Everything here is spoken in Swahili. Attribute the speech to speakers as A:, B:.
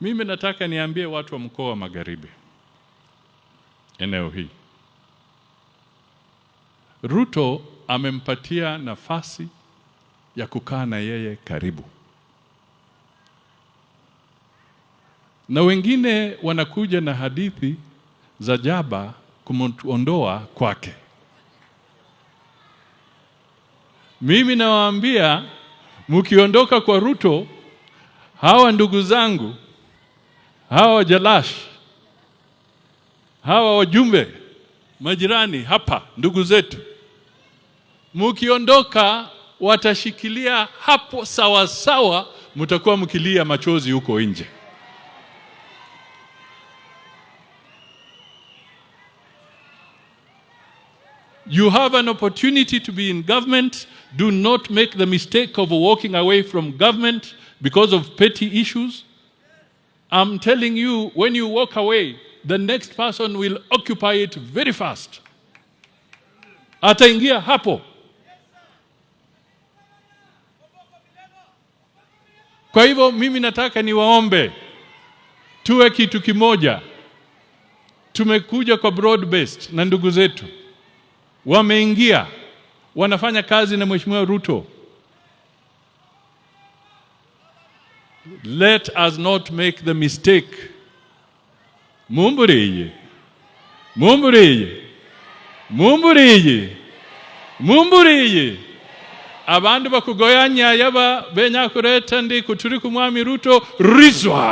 A: Mimi nataka niambie watu wa mkoa wa Magharibi, eneo hii, Ruto amempatia nafasi ya kukaa na yeye karibu, na wengine wanakuja na hadithi za jaba kumondoa kwake. Mimi nawaambia mkiondoka kwa Ruto, hawa ndugu zangu hawa jalash, hawa wajumbe majirani hapa, ndugu zetu, mkiondoka watashikilia hapo sawa sawa, mtakuwa mkilia machozi huko nje. You have an opportunity to be in government. Do not make the mistake of walking away from government because of petty issues. I'm telling you, when you walk away, the next person will occupy it very fast. Ataingia hapo. Kwa hivyo mimi nataka niwaombe tuwe kitu kimoja. Tumekuja kwa broad based na ndugu zetu wameingia wanafanya kazi na Mheshimiwa Ruto. let us not make the mistake mumburiye mumburiye mumburiye mumburiye abandi bakugoyanya yaba benyakureta ndi kuturi kumwami ruto rizwa